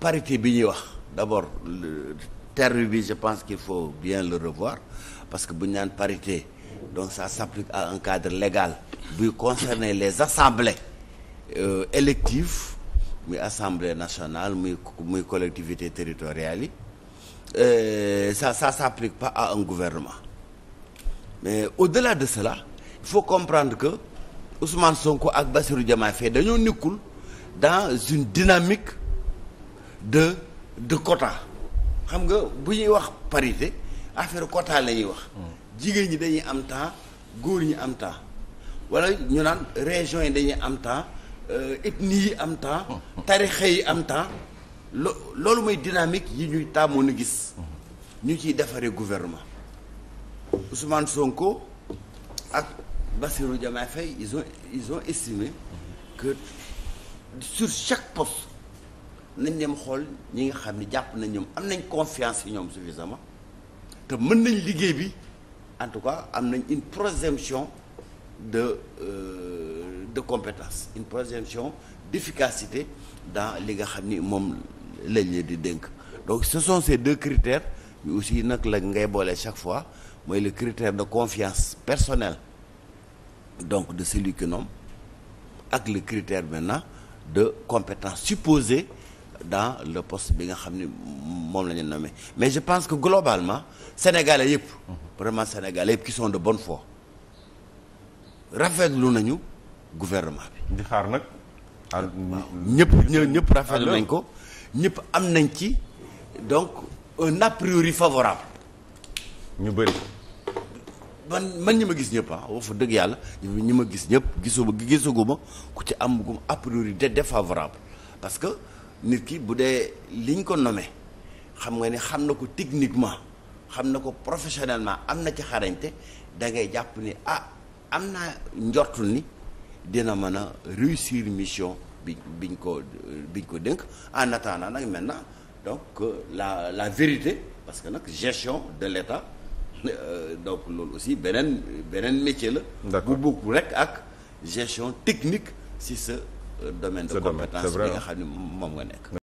parité bi ñuy wax d'abord terme bi je pense qu'il faut bien le revoir parce que bu ñu naan parité donc ça s'applique à un cadre légal bu concerner les assemblées euh, électives muy assemblée nationale muy muy collectivité territoriale yi euh, ça ça s'applique pas à un gouvernement mais au-delà de cela il faut comprendre que Ousmane Sonko ak Bassirou Diomaye Faye dañoo nekkul dans une dynamique de de quota xam nga bu ñuy wax parité affaire quota la ñuy wax. jigéen ñi dañuy am temps góor ñi am temps wala ñu naan région yi dañuy am temps euh, ethnie yi am temps. tarixa yi am temps lo loolu mooy dynamique yi ñuy tàmmoon a gis. ñu ciy defaree gouvernement Ousmane Sonko ak Bassirou Diomaye Faye ils ont ils ont estimé que sur chaque poste. nañ dem xool ñi nga xam ne jàpp nañ ñoom am nañ confiance ci ñoom suffisamment te mën nañ liggéey bi en tout cas am nañ une présomption de euh, de compétence une présomption d'efficacité dans li nga xam ni moom lañ leen di dénk donc ce sont ces deux critère mais aussi nag la ngay boole chaque fois mooy le critère de confiance personnelle donc de celui que ak le critère maintenant de compétence supposé dans le post bi nga xam ni moom la ñu nommé mais je pense que globalement sénégalais yëpp vraiment sénégalais yëpp qui sont de bonne foi rafetlu nañu gouvernement bi. di xaar nag. Ah, ñëpp ñëpp rafetlu nañ ko ñëpp am nañ ci donc un a priori favorable. ñu bëri. man man ñi ma gis ñëpp ah wax dëgg yàlla ñu ma gis ñëpp gisuma gisaguma ku ci am a priori favorable parce que. nit ki bu dee liñ ko nommé xam nga ne xam na ko techniquement xam na ko professionnellement am na ci xarañte da jàpp ni ah am naa njortul ni dina mën a réussir mission bi biñ ko biñ ko dénk en attendant nag maintenant donc euh, la la vérité parce que nag gestion de l'État euh, donc loolu aussi beneen beneen métier la bu bokk rek ak gestion technique si sa domaine de compétence bi nga xam ne moom nga nekk